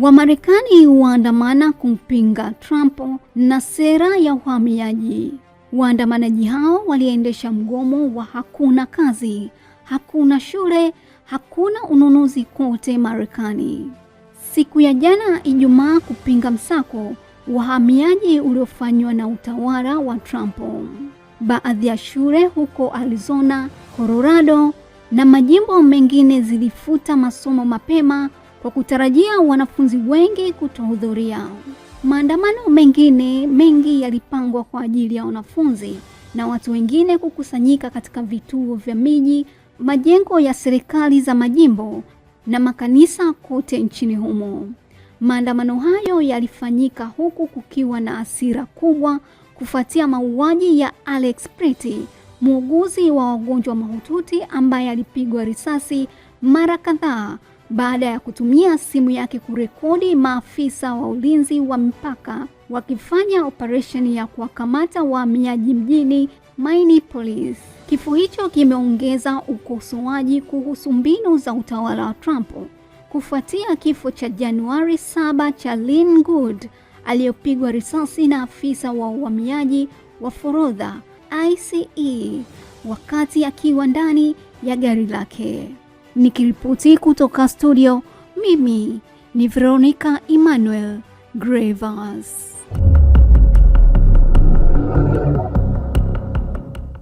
Wamarekani waandamana kumpinga Trump na sera ya uhamiaji. Waandamanaji hao waliendesha mgomo wa hakuna kazi, hakuna shule, hakuna ununuzi kote Marekani. Siku ya jana Ijumaa, kupinga msako wahamiaji uliofanywa na utawala wa Trump. Baadhi ya shule huko Arizona, Colorado na majimbo mengine zilifuta masomo mapema kwa kutarajia wanafunzi wengi kutohudhuria. Maandamano mengine mengi yalipangwa kwa ajili ya wanafunzi na watu wengine kukusanyika katika vituo vya miji, majengo ya serikali za majimbo na makanisa kote nchini humo. Maandamano hayo yalifanyika huku kukiwa na hasira kubwa kufuatia mauaji ya Alex Priti, muuguzi wa wagonjwa mahututi ambaye alipigwa risasi mara kadhaa baada ya kutumia simu yake kurekodi maafisa wa ulinzi wa mpaka wakifanya operesheni ya kuwakamata wahamiaji mjini Minneapolis. Kifo hicho kimeongeza ukosoaji kuhusu mbinu za utawala wa Trump kufuatia kifo cha Januari 7 cha Lynn Good aliyopigwa risasi na afisa wa uhamiaji wa forodha ICE wakati akiwa ndani ya gari lake nikiripoti kutoka studio, mimi ni Veronica Emmanuel Grevas.